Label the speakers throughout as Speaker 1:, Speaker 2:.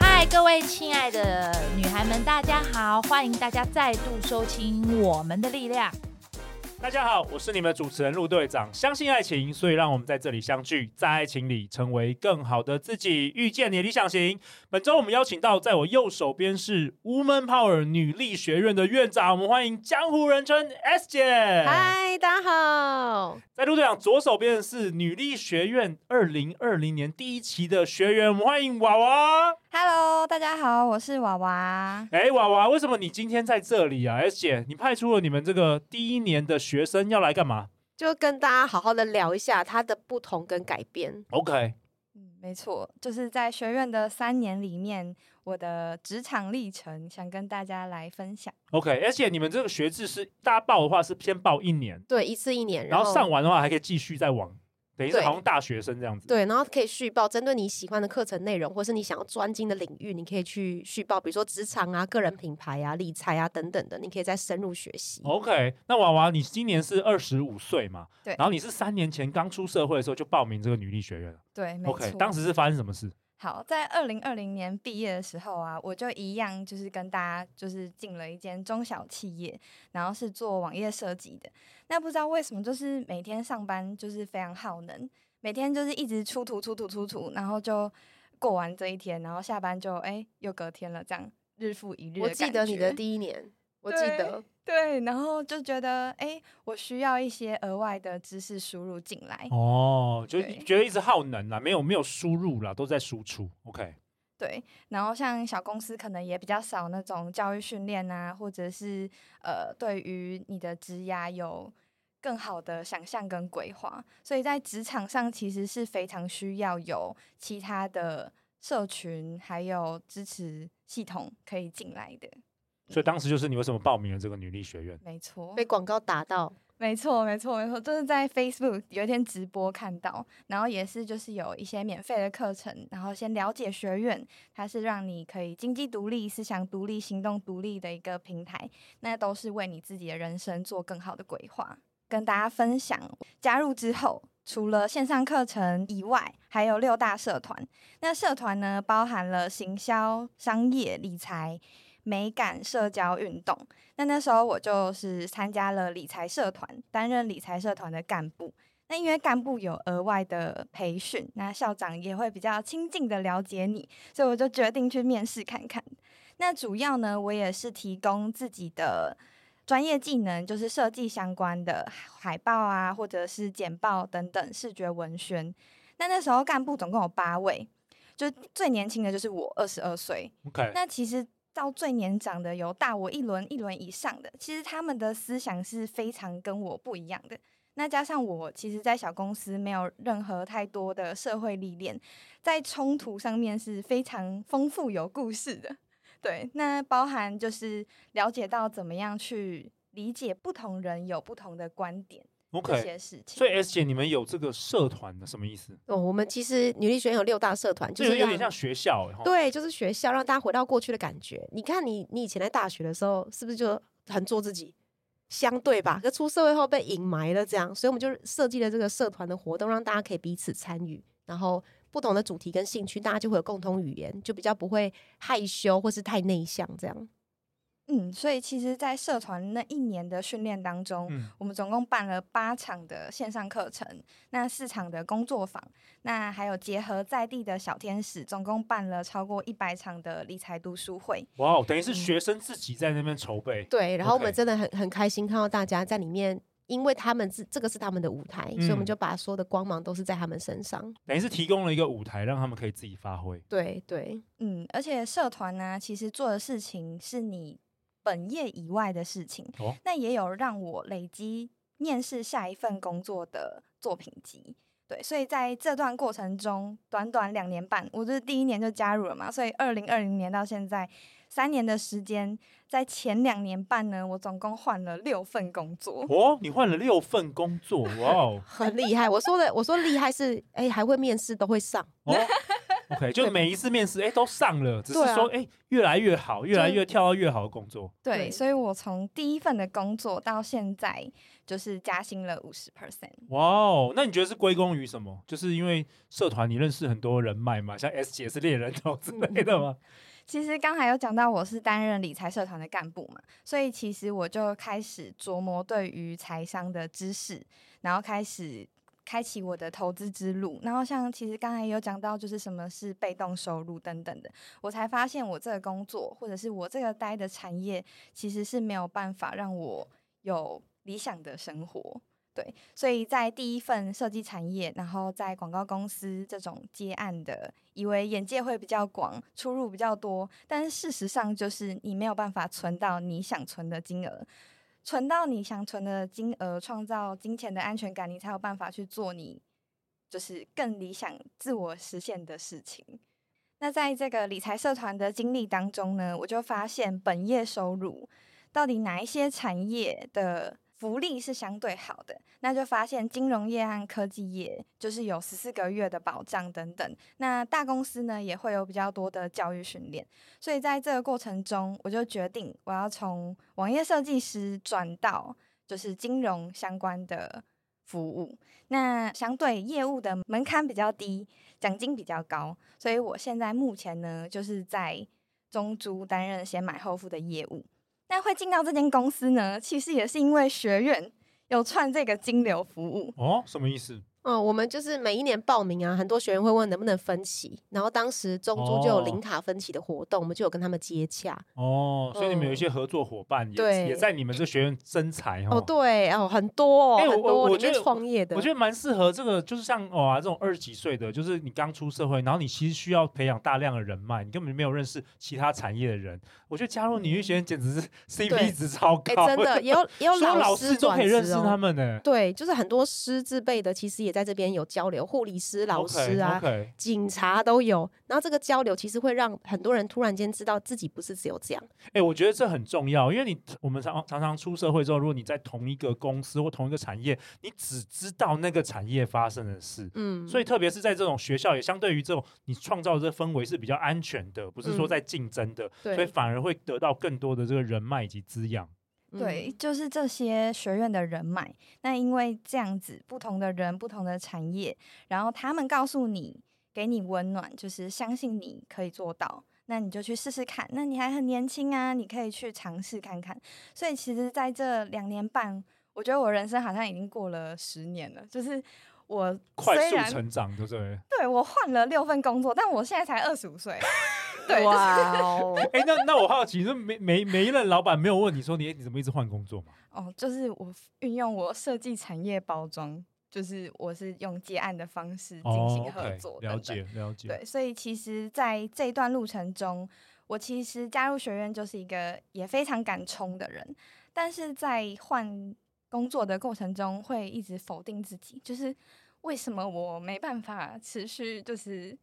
Speaker 1: 嗨，
Speaker 2: 各位親愛的女孩們，大家好！歡迎大家再度收聽我們
Speaker 3: 的力量。
Speaker 1: 大家好，我是你們的主持人路隊長。相信愛情，所以讓我們在這裡相聚，在愛情裡成為更好的自己。遇見你的理想型。本周我們邀請到，在我右手邊是 Woman Power 女力學院的院長，我們歡迎江湖人稱 S 姐。
Speaker 2: 嗨，大家好。
Speaker 1: 在路隊長左手邊是女力學院2020年第一期的學員，我們歡迎娃娃。哈嘍，
Speaker 3: 大家好，我是娃娃。
Speaker 1: 哎、欸，娃娃，為什麼你今天在這裡啊？S 姐，你派出了你們這個第一年的學學生要來幹嘛？
Speaker 3: 就跟大家好好的聊一下它的不同跟改變。OK，嗯，沒錯，就是在學院的三年裡面，我的職場歷程想跟大家來分享。
Speaker 1: OK，而且你們這個學制是，大家報的話是先報一年，
Speaker 3: 對，一次一年，然後，然後上
Speaker 1: 完的話還可以繼續再往。等於是好像大學生這樣子，
Speaker 2: 對，對，然後可以續報，針對你喜歡的課程內容，或者是你想要專精的領域，你可以去續報，比如說職場啊、個人品牌啊、理財啊等等的，你可以再深入學習。
Speaker 1: OK，那娃娃，你今年是二十五歲嘛？對，然後你是三年前剛出社會的時候就報名這個女力學院了，對，OK，沒錯，當時是發生什麼事？
Speaker 3: 好，在二零二零年畢業的時候啊，我就一樣，就是跟大家就是進了一間中小企業，然後是做網頁設計的。那不知道為什麼，就是每天上班就是非常耗能，每天就是一直出圖、出圖、出圖，然後就過完這一天，然後下班就哎、欸、又隔天了，這樣日復一日。我記得你的第一年，
Speaker 1: 我記得。
Speaker 3: 對，然後就覺得，誒，我需要一些額外的知識輸入進來。哦，
Speaker 1: 就覺得一直耗能啦，沒有沒有輸入啦，都在輸出。OK。
Speaker 3: 對，然後像小公司可能也比較少那種教育訓練啊，或者是呃，對於你的職涯有更好的想象跟規劃。所以在職場上其實是非常需要有其他的社群還有支持系統可以進來的。
Speaker 1: 所以當時就是你為什麼報名了這個女力學院？
Speaker 3: 沒錯，被廣告打到。沒錯，沒錯，沒錯，就是在 Facebook 有一天直播看到，然後也是就是有一些免費的課程，然後先了解學院，它是讓你可以經濟獨立、思想獨立、行動獨立的一個平台。那都是為你自己的人生做更好的規劃，跟大家分享。加入之後，除了線上課程以外，還有六大社團。那社團呢，包含了行銷、商業、理財。美感、社交、運動。那那時候我就是參加了理財社團，擔任理財社團的幹部。那因為幹部有額外的培訓，那校長也會比較親近的了解你，所以我就決定去面試看看。那主要呢，我也是提供自己的專業技能，就是設計相關的海報啊，或者是簡報等等視覺文宣。那那時候幹部總共有八位，就最年輕的就是我，二十二歲。Okay. 那其實。到最年長的有大我一輪一輪以上的。其實他們的思想是非常跟我不一樣的。那加上我其實，在小公司沒有任何太多的社會歷練，在衝突上面是非常豐富有故事的。對，那包含就是了解到怎麼樣去理解不同人有不同的觀點。OK，
Speaker 1: 所以 S 姐姐，你們有這個社團的什麼意思？
Speaker 3: 哦，我們其實女力學院有六大社團，就是有點像
Speaker 1: 學校。對，
Speaker 3: 就是學校，讓大
Speaker 2: 家回到過去的感覺。哦，你看你，你你以前在大學的時候，是不是就很做自己？相對吧，出社會後被隱埋了這樣。所以我們就設計了這個社團的活動，讓大家可以彼此參與，然後不同的主題跟興趣，大家就會有共同語言，就比較不會害羞或是太內向這樣。
Speaker 3: 嗯，所以其實，在社團那一年的訓練當中、嗯，我們總共辦了八場的線上課程，那四場的工作坊，那還有結合在地的小天使，總共辦了超過一百場的理財讀書會。
Speaker 1: 哇、wow，等於是學生自己在那邊籌備、嗯。對，然後我們真
Speaker 2: 的很很開心看到大家在裡面，因為他們是這個是他們的舞台，嗯、所以我們就把所有的光芒都是在他們
Speaker 3: 身上。
Speaker 1: 等於是提供了一個舞台，讓他們可以自己發揮。
Speaker 3: 對對，嗯，而且社團呢、啊，其實做的事情是你。本業以外的事情，哦、那也有讓我累積面試下一份工作的作品集。對，所以在這段過程中，短短兩年半，我就是第一年就加入了嘛，所以二零二零年到現在三年的時間，在前兩年半呢，我總共換了六份工作。
Speaker 1: 哦，你換了六份工作，哇、wow，
Speaker 3: 很厲害！我說的，我說厲害是，哎、欸，還會面試都會上。哦
Speaker 1: OK，就每一次面試，哎、欸，都上了，只是說，哎、啊欸，越來越好，越來越跳到越好的工作。對，
Speaker 3: 對所以我從第一份的工作到現在，就是加薪了五十 percent。
Speaker 1: 哇哦，wow, 那你覺得是歸功於什麼？就是因為社團你認識很多人脈嘛，像 S 姐是獵人頭之類的嗎？
Speaker 3: 其實剛才有講到，我是擔任理財社團的幹部嘛，所以其實我就開始琢磨對於財商的知識，然後開始。開啟我的投資之路，然後像其實剛才有講到，就是什麼是被動收入等等的，我才發現我這個工作或者是我這個待的產業，其實是沒有辦法讓我有理想的生活，對，所以在第一份設計產業，然後在廣告公司這種接案的，以為眼界會比較廣，出入比較多，但事實上就是你沒有辦法存到你想存的金額。存到你想存的金額，創造金錢的安全感，你才有辦法去做你就是更理想自我實現的事情。那在這個理財社團的經歷當中呢，我就發現本業收入到底哪一些產業的。福利是相對好的，那就發現金融業和科技業就是有十四個月的保障等等。那大公司呢，也會有比較多的教育訓練，所以在這個過程中，我就決定我要從網頁設計師轉到就是金融相關的服務。那相對業務的門檻比較低，獎金比較高，所以我現在目前呢就是在中租擔任先買後付的業務。但會進到這間公司呢，其實也是因為學院有串這個金流服務
Speaker 1: 哦。什麼意思？
Speaker 3: 哦，我們就是每一年
Speaker 2: 報名啊，很多學員會問能不能分期，然後當時中租就有零卡分期的活動。哦，我們就有跟他們接洽。
Speaker 1: 哦，嗯、所以你們有一些合作夥伴也，對，也在你們這學院生財哦。
Speaker 2: 對哦，很多哦，欸、我很多，覺得創業的，我，我覺
Speaker 1: 得蠻適合這個，就是像哦、啊，這種二十幾歲的，就是你剛出社會，然後你其實需要培養大量的人脈，你根本就沒有認識其他產業的人。我覺得加入女力學院簡直是 CP 值超高。欸，真的也有也有老師就、哦、可以認識他們呢、欸。對，
Speaker 2: 就是很多師字輩的，其實也。在這邊有交流，護理師、老師啊，okay, okay。警察都有。然後這個交流其實會讓很多人突然間知道自己不是只有這樣。哎、
Speaker 1: 欸，我覺得這很重要，因為你我們常常常出社會之後，如果你在同一個公司或同一個產業，你只知道那個產業發生的事。嗯，所以特別是在這種學校，也相對於這種你創造的這氛圍是比較安全的，不是說在競爭的、嗯，所以反而會得到更多的這個人脈以及滋養。
Speaker 3: 對、嗯，就是這些學院的人脈。那因為這樣子，不同的人，不同的產業，然後他們告訴你，給你溫暖，就是相信你可以做到。那你就去試試看。那你還很年輕啊，你可以去嘗試看看。所以其實，在這兩年半，我覺得我人生好像已經過了十年了。就是我雖然快速成
Speaker 1: 長，就這樣，
Speaker 3: 對，我換了六份工作，但我現在才二十五歲。 對
Speaker 1: 啊，哎、wow. 欸，那那我好奇，說每每一任老闆沒有問你說你你怎麼一直換工作嗎？
Speaker 3: 哦、oh，就是我運用我設計產業包裝，就是我是用接案的方式進行合作等等、oh, okay.
Speaker 1: 了解了解。對，
Speaker 3: 所以其實在這一段路程中，我其實加入學院就是一個也非常敢衝的人，但是在換工作的過程中會一直否定自己，就是為什麼我沒辦法持續就是。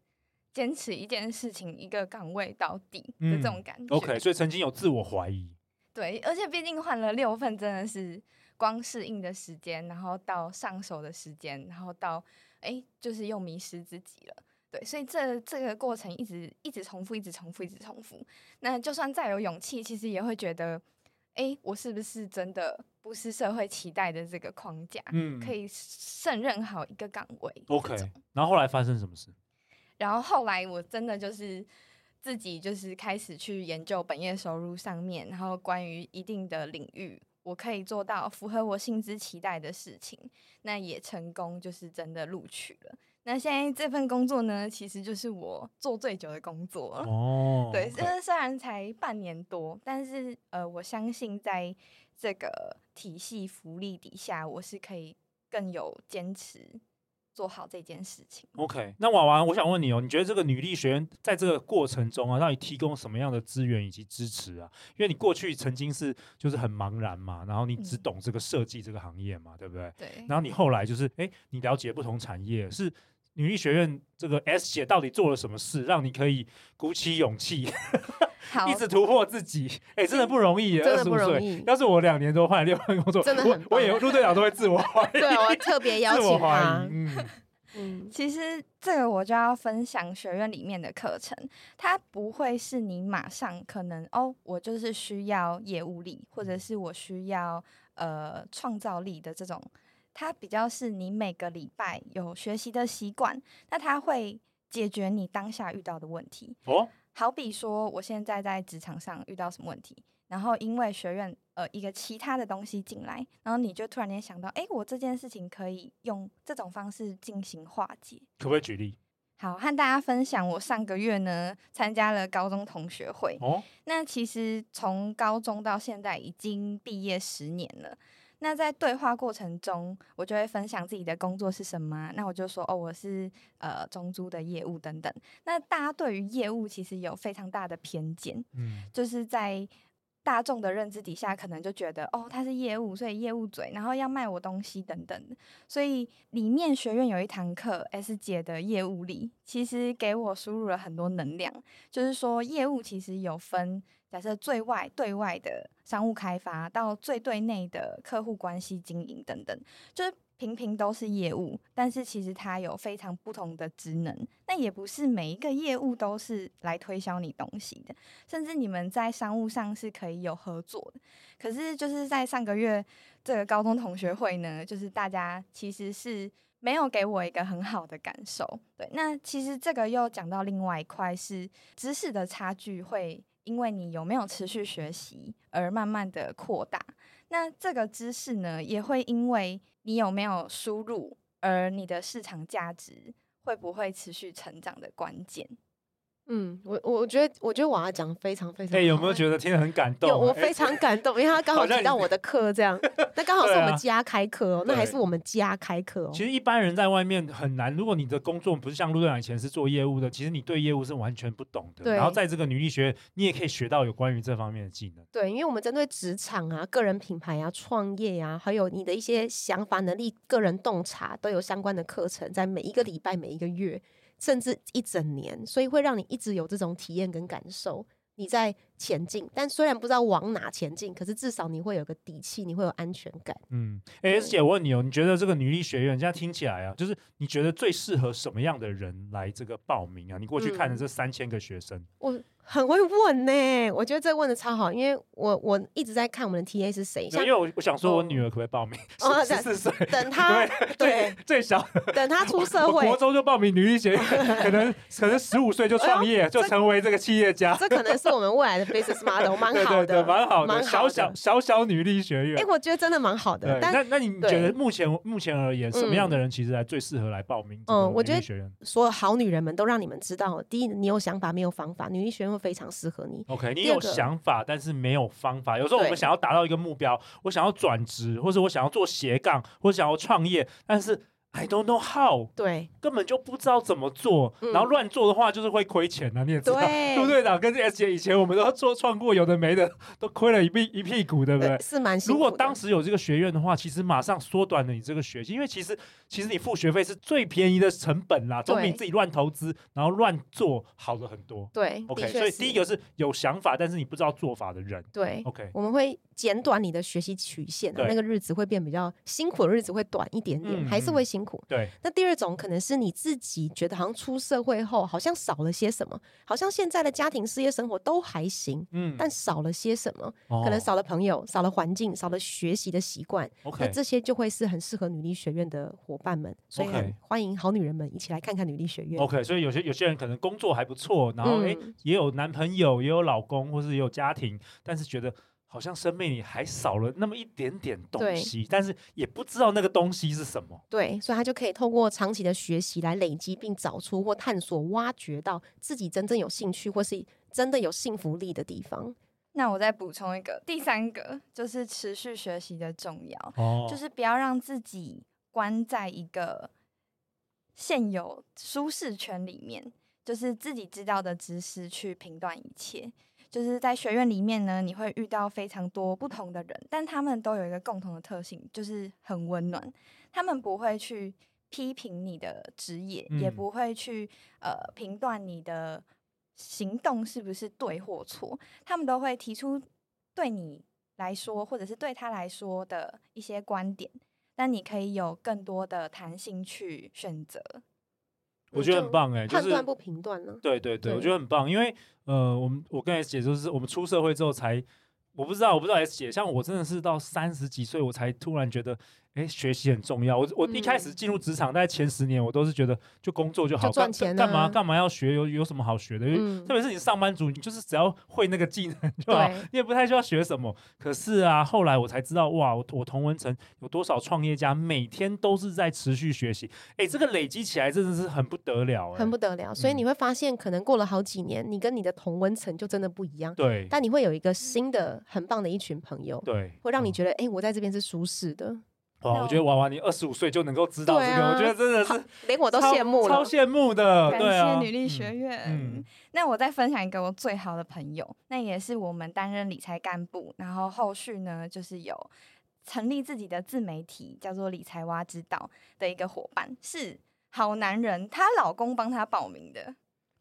Speaker 3: 堅持一件事情，一個崗位到底的這種感覺。嗯，okay，所
Speaker 1: 以曾經有自我懷疑。嗯，
Speaker 3: 對，而且畢竟換了六份，真的是光適應的時間，然後到上手的時間，然後到欸，就是又迷失自己了。對，所以這這個過程一直一直重複，一直重複，一直重複。那就算再有勇氣，其實也會覺得，欸，我是不是真的不是社會期待的這個框架，嗯，可以勝任好一個崗位
Speaker 1: ？OK。然後後來發生什麼事？
Speaker 3: 然後後來我真的就是自己就是開始去研究本業收入上面，然後關於一定的領域，我可以做到符合我薪資期待的事情，那也成功就是真的錄取了。那現在這份工作呢，其實就是我做最久的工作了哦。Oh,
Speaker 1: okay. 對，雖然雖
Speaker 3: 然才半年多，但是呃，我相信在這個體系福利底下，我是可以更有堅持。做好這件事
Speaker 1: 情。OK，那 Wawa，我想問你哦，你覺得這個女力學院在這個過程中啊，讓你提供什麼樣的資源以及支持啊？因為你過去曾經是就是很茫然嘛，然後你只懂這個設計這個行業嘛，嗯、對不對？對。然後你後來就是，哎，你了解不同產業是。女力學院這個 S 姐到底做了什麼事，讓你可以鼓起勇氣， 一直突破自己？哎、欸，真的不容易、嗯，真的不容易。25歲，要是我兩年多換了六份工作，真的很我，我也路隊長都會自我懷疑。 對、
Speaker 3: 哦，我特別邀請他。自我懷疑嗯。嗯，其實這個我就要分享學院裡面的課程，它不會是你馬上可能哦，我就是需要業務力，或者是我需要呃創造力的這種。它比較是你每個禮拜有學習的習慣，那它會解決你當下遇到的問題。哦，好比說，我現在在職場上遇到什麼問題，然後因為學院呃一個其他的東西進來，然後你就突然間想到，哎，我這件事情可以用這種方式進行化解。可不可以舉例？好，和大家分享，我上個月呢參加了高中同學會。哦，那其實從高中到現在已經畢業十年了。那在對話過程中，我就會分享自己的工作是什麼啊。那我就說，哦，我是呃中租的業務等等。那大家對於業務其實有非常大的偏見，嗯，就是在大眾的認知底下，可能就覺得，哦，他是業務，所以業務嘴，然後要賣我東西等等。所以裡面學院有一堂課，S 姐的業務力其實給我輸入了很多能量。就是說，業務其實有分，假設對外對外的。商務開發到最對內的客戶關係經營等等，就是平平都是業務，但是其實它有非常不同的職能。那也不是每一個業務都是來推銷你東西的，甚至你們在商務上是可以有合作的。可是就是在上個月這個高中同學會呢，就是大家其實是沒有給我一個很好的感受。對，那其實這個又講到另外一塊是知識的差距會。因為你有沒有持續學習而慢慢的擴大，那這個知識呢，也會因為你有沒有輸入，而你的市場價值會不會持續成長的關鍵。
Speaker 2: 嗯，我我覺得我覺得我覺得 Wawa 講的非常非常好。哎、欸，有沒有
Speaker 1: 覺得聽得很感動？欸、有，我非常
Speaker 3: 感動，欸、因為他剛好提到我的課這樣。
Speaker 2: 那剛好是我們家開課哦、喔啊，那還是我們家開課、喔。其實
Speaker 1: 一般人在外面很難，如果你的工作不是像路隊長以前是做業務的，其實你對業務是完全不懂的。對。然後在這個女力學，你也可以學到有關於這方面的技能。
Speaker 2: 對，因為我們針對職場啊、個人品牌啊、創業呀、啊，還有你的一些想法、能力、個人洞察，都有相關的課程，在每一個禮拜、嗯、每一個月。甚至一整年，所以會讓你一直有這種體驗跟感受，你在前進，但雖然不知道往哪前進，可是至少你會有個底氣，你會有安全感。
Speaker 1: 嗯，S 姐，欸嗯、我問你哦，你覺得這個女力學院、嗯、現在聽起來啊，就是你覺得最適合什麼樣的人來這個報名啊？你過去看的這三千個學生，嗯、
Speaker 2: 我。很會問呢，欸，我覺得這問的超好，因為我我一直在看我們的 TA 是誰。因為我
Speaker 1: 我想說我女兒可不可以報名？哦，十四歲，等她對,對,對,對最，最小，等她出社會，國中就報名女力學院， 可能可能十五歲就創業。哎，就成為這個企業家。這，這可能
Speaker 2: 是我們未來的 business model。蠻好，對對對對，蠻好的，蠻
Speaker 1: 好的，小小小小女力學院。哎，欸，
Speaker 2: 我覺得真的蠻好
Speaker 1: 的。但那那你覺得目前目前而言，嗯，什麼樣的人其實才最適合來報名？嗯，
Speaker 2: 我覺得所有好女人們都讓你們知道，第一，你有想法沒有方法，女力學院非常適合你。OK，你有想
Speaker 1: 法，但是沒有方法。有時候我們想要達到一個目標，我想要轉職，或是我想要做斜槓，或者想要創業，但是。I don't know how，對，根本就不知道怎麼做，嗯、然後亂做的話就是會虧錢的、啊，你也知道。路隊長跟 S 些以前我們都要做創過，有的沒的都虧了一屁一屁股，對不對？呃、是蠻辛苦的。如果當時有這個學院的話，其實馬上縮短了你這個學習，因為其實其實你付學費是最便宜的成本啦，總比你自己亂投資然後亂做好了很多。對，OK。所以第一個是有想法，但是你不知道做法的人。
Speaker 2: 對，OK。我們會減短你的學習曲線、啊對，那個日子會變比較辛苦，的日子會短一點點，嗯、還是會辛。對，那第二種可能是你自己覺得好像出社會後好像少了些什麼，好像現在的家庭、事業、生活都還行，嗯，但少了些什麼？哦，可能少了朋友，少了環境，少了學習的習慣。Okay，那這些就會是很適合女力學院的夥伴們，所以歡迎好女人們一起來看看女力學院。OK，
Speaker 1: 所以有些有些人可能工作還不錯，然後哎，嗯，也有男朋友，也有老公，或是也有家庭，但是覺得。好像生命裡還少了那麼一點點東西，但是也不知道那個東西是什麼。
Speaker 2: 對，所以他就可以透過長期的學習來累積，並找出或探索、挖掘到自己真正有興趣或是真的有幸福力的地方。
Speaker 3: 那我再補充一個，第三個就是持續學習的重要，哦，就是不要讓自己關在一個現有舒適圈裡面，就是自己知道的知識去評斷一切。就是在學院裡面呢，你會遇到非常多不同的人，但他們都有一個共同的特性，就是很溫暖。他們不會去批評你的職業，嗯，也不會去呃評斷你的行動是不是對或錯。他們都會提出對你來說或者是對他來說的一些觀點，但你可以有更多的彈性去選擇。
Speaker 1: 我覺得很棒哎、欸，就判斷
Speaker 3: 不評斷、啊就是、
Speaker 1: 對對對，對，我覺得很棒，因為呃，我們我跟 S 姐就是我們出社會之後才，我不知道我不知道 S 姐，像我真的是到三十幾歲我才突然覺得。哎，學習很重要。我我一開始進入職場，在、嗯、前十年，我都是覺得就工作就好，就賺錢啊、干幹嘛幹嘛要學？有有什麼好學的？嗯、因為特別是你上班族，你就是只要會那個技能就好，你也不太需要學什麼。可是啊，後來我才知道，哇！我我同溫層有多少創業家，每天都是在持續學習。哎，這個累積起來真的是很不得了、欸，很
Speaker 2: 不得了。所以你會發現，可能過了好幾年，嗯、你跟你的同溫層就真的不一樣。對，但你會有一個新的很棒的一群朋友，對，會讓你覺得，哎、嗯，我在這邊是舒適
Speaker 3: 的。
Speaker 1: 哇，我，我覺得娃娃，你二十五歲就能夠知道這個、啊，我覺得真的是
Speaker 3: 連我都羨慕了，超羨
Speaker 1: 慕的，對啊。感謝女力學
Speaker 3: 院、嗯嗯，那我再分享一個我最好的朋友，那也是我們擔任理財幹部，然後後續呢，就是有成立自己的自媒體，叫做理財蛙指導的一個伙伴，是好男人，她老公幫她報名的。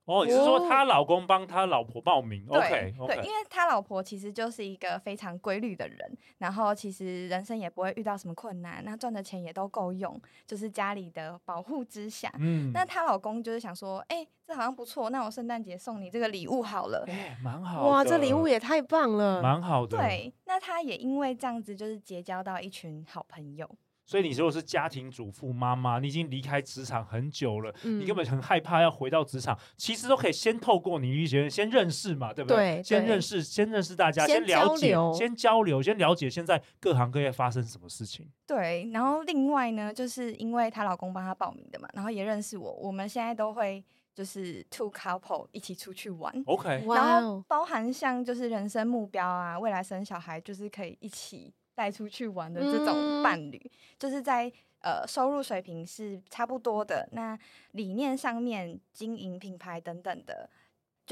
Speaker 1: 哦，你是說她老公幫她老婆報名？哦、OK，對、OK、對，因為
Speaker 3: 她老婆其實就是一個非常規律的人，然後其實人生也不會遇到什麼困難，那賺的錢也都夠用，就是家裡的保護之下。嗯，那她老公就是想說，哎，這好像不錯，那我聖誕節送你這個禮物好了。哎，
Speaker 1: 蠻好的。哇，這禮物也
Speaker 2: 太棒了，
Speaker 1: 蠻好的。對，
Speaker 3: 那他也因為這樣子，就是結交到一群好朋友。
Speaker 1: 所以你如果是家庭主婦媽媽，你已經離開職場很久了，嗯，你根本很害怕要回到職場。其實都可以先透過你一些先認識嘛，對不對？對，對。先認識，先認識大家先了解，先交流，先交流，先了解現在各行各業發生什麼事情。
Speaker 3: 對，然後另外呢，就是因為她老公幫她報名的嘛，然後也認識我，我們現在都會就是 two couple 一起出去玩。OK，然後包含像就是人生目標啊，未來生小孩就是可以一起。帶出去玩的這種伴侶，嗯、就是在呃收入水平是差不多的，那理念上面經營品牌等等的。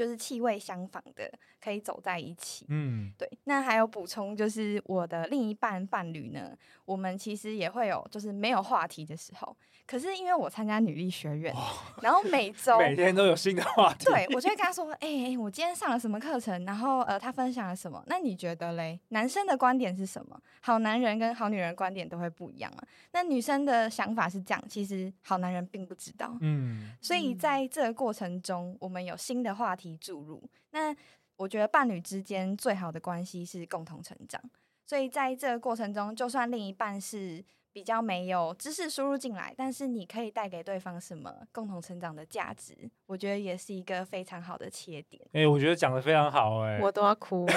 Speaker 3: 就是氣味相仿的，可以走在一起。嗯，對。那還有補充，就是我的另一半伴侶呢，我們其實也會有就是沒有話題的時候。可是因為我參加女力學院，哦、然後每周每天
Speaker 1: 都有新的話題。對，我
Speaker 3: 就會跟他說：“哎、欸，我今天上了什麼課程？”然後呃，他分享了什麼？那你覺得嘞？男生的觀點是什麼？好男人跟好女人觀點都會不一樣啊。那女生的想法是這樣，其實好男人並不知道。嗯，所以在這個過程中，我們有新的話題。注入。那我覺得，伴侶之間最好的關係是共同成長。所以，在這個過程中，就算另一半是……比較沒有知識輸入進來，但是你可以帶給對方什麼共同成長的價值，我覺得也是一個非常好的切點。
Speaker 1: 哎、欸，我覺得講的非常好、欸，哎，我都要哭了。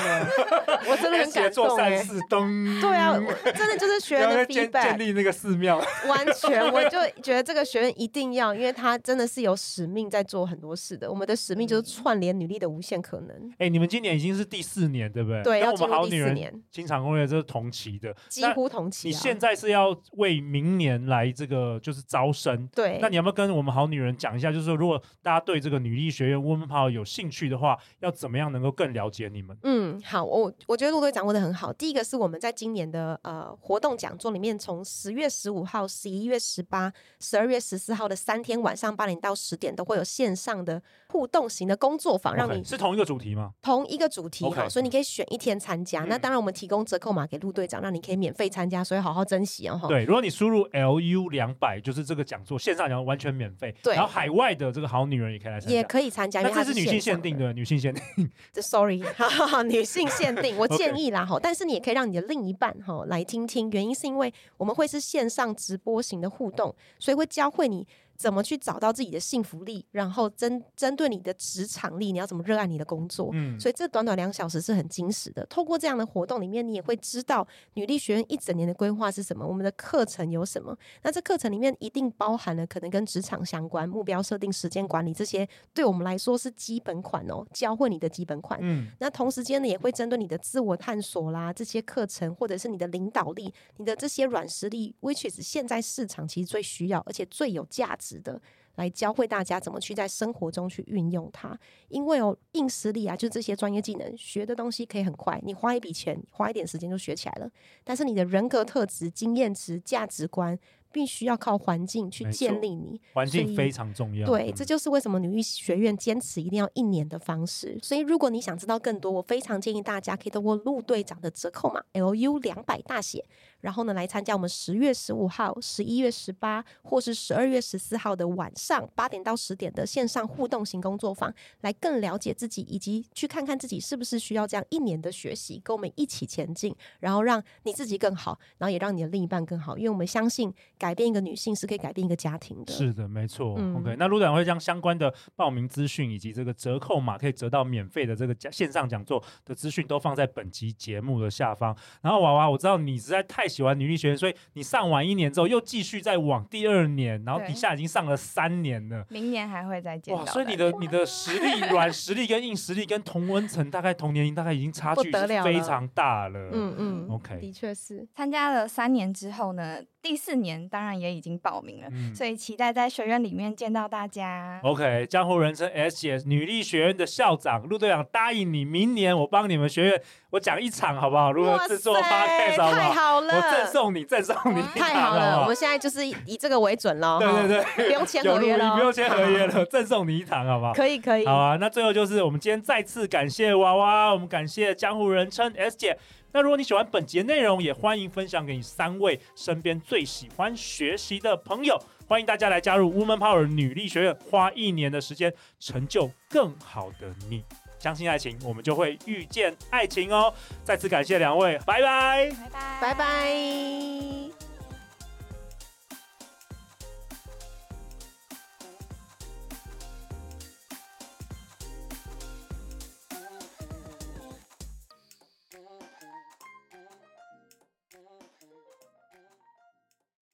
Speaker 3: 我
Speaker 2: 真的很感動、欸。
Speaker 1: 做燈，對啊，我
Speaker 2: 真的就是學院建立那
Speaker 1: 個寺廟，
Speaker 2: 完全我就覺得這個學院一定要，因為他真的是有使命在做很多事的。我們的使命就是串聯女力的無限可能。哎、
Speaker 1: 嗯欸，你們今年已經是第四年，對不對？對，要我們好女人、年情場攻略這是同期的，幾乎
Speaker 2: 同期、啊。你現
Speaker 1: 在是要。為明年來這個就是招生，對。那你要不要跟我們好女人講一下？就是說，如果大家對這個女力學院 Woman Power 有興趣的話，要怎麼樣能夠更了解你們？
Speaker 2: 嗯，好，我我覺得路隊掌握的很好。第一個是我們在今年的呃活動講座裡面，從十月十五號、十一月十八、十二月十四號的三天晚上八點到十點，都會有線上的互動型的工作坊，讓你 okay, 是同
Speaker 1: 一個主題嗎？
Speaker 2: 同一個主題，okay, 嗯、所以你可以選一天參加。嗯、那當然，我們提供折扣碼給路隊長，讓你可以免費參加，所以好好珍惜哦，對，如果
Speaker 1: 你輸入 LU200，就是這個講座線上講完全免費。對，然後海外的這個好女人也可以來參加，也可
Speaker 2: 以參加，因為是，但是是女性限
Speaker 1: 定的，的女性限定。
Speaker 2: 這 sorry， 女性限定，我建議啦，哈， 但是你也可以讓你的另一半哈來聽聽，原因是因為我們會是線上直播型的互動，所以會教會你。怎麼去找到自己的幸福力？然後針針對你的職場力，你要怎麼熱愛你的工作？嗯，所以這短短兩小時是很精實的。透過這樣的活動裡面，你也會知道女力學院一整年的規劃是什麼，我們的課程有什麼。那這課程裡面一定包含了可能跟職場相關、目標設定、時間管理這些，對我們來說是基本款哦，教會你的基本款。嗯，那同時間呢，也會針對你的自我探索啦，這些課程或者是你的領導力、你的這些軟實力，which is 現在市場其實最需要而且最有價值。值得來教會大家怎麼去在生活中去運用它，因為哦，硬實力啊，就這些專業技能，學的東西可以很快，你花一筆錢，花一點時間就學起來了。但是你的人格特質、經驗值、價值觀。必須要靠環境去建立你，環境非常重要。對，這就是為什麼女力學院堅持一定要一年的方式。嗯、所以，如果你想知道更多，我非常建議大家可以透過路隊長的折扣碼 L U 兩百大寫，然後呢，來參加我們十月十五號、十一月十八或是十二月十四號的晚上八點到十點的線上互動型工作坊，來更了解自己，以及去看看自己是不是需要這樣一年的學習，跟我們一起前進，然後讓你自己更好，然後也讓你的另一半更好，因為我們相信。改變一個女性是可以改變一個家庭的，是
Speaker 1: 的，沒錯、嗯。OK，那路隊長會將相關的報名資訊以及這個折扣碼可以折到免費的這個講線上講座的資訊都放在本集節目的下方。然後，娃娃，我知道你實在太喜歡女力學院，所以你上完一年之後又繼續再往第二年，然後底下已經上了三年了，
Speaker 3: 明年還會再見。哇，所以你
Speaker 1: 的你的實力軟 實力跟硬實力跟同溫層大概同年齡大概已經差距了了非常大了。嗯嗯，OK，的
Speaker 3: 確是參加了三年之後呢，第四年當然也已經報名了、嗯，所以期待在學院裡面見到大家。
Speaker 1: OK，江湖人稱 S 姐女力學院的校長路隊長答應你，明年我幫你們學院我講一場好不好？如何製作八 K，太好了，我贈送你，贈送你、嗯，好好，太好了！我們
Speaker 2: 現在就是以以這個為準嘍、 哦。對對對，不用簽合，合約了，不用簽合約
Speaker 1: 了，贈 送你一場好不好？可以可以，好啊。那最後就是我們今天再次感謝娃娃，我們感謝江湖人稱 S 姐。那如果你喜歡本節內容，也歡迎分享給你三位身邊最喜歡學習的朋友。歡迎大家來加入 Woman Power 女力學院，花一年的時間成就更好的你。相信愛情，我們就會遇見愛情哦。再次感謝兩位，拜拜，
Speaker 2: 拜拜，拜拜。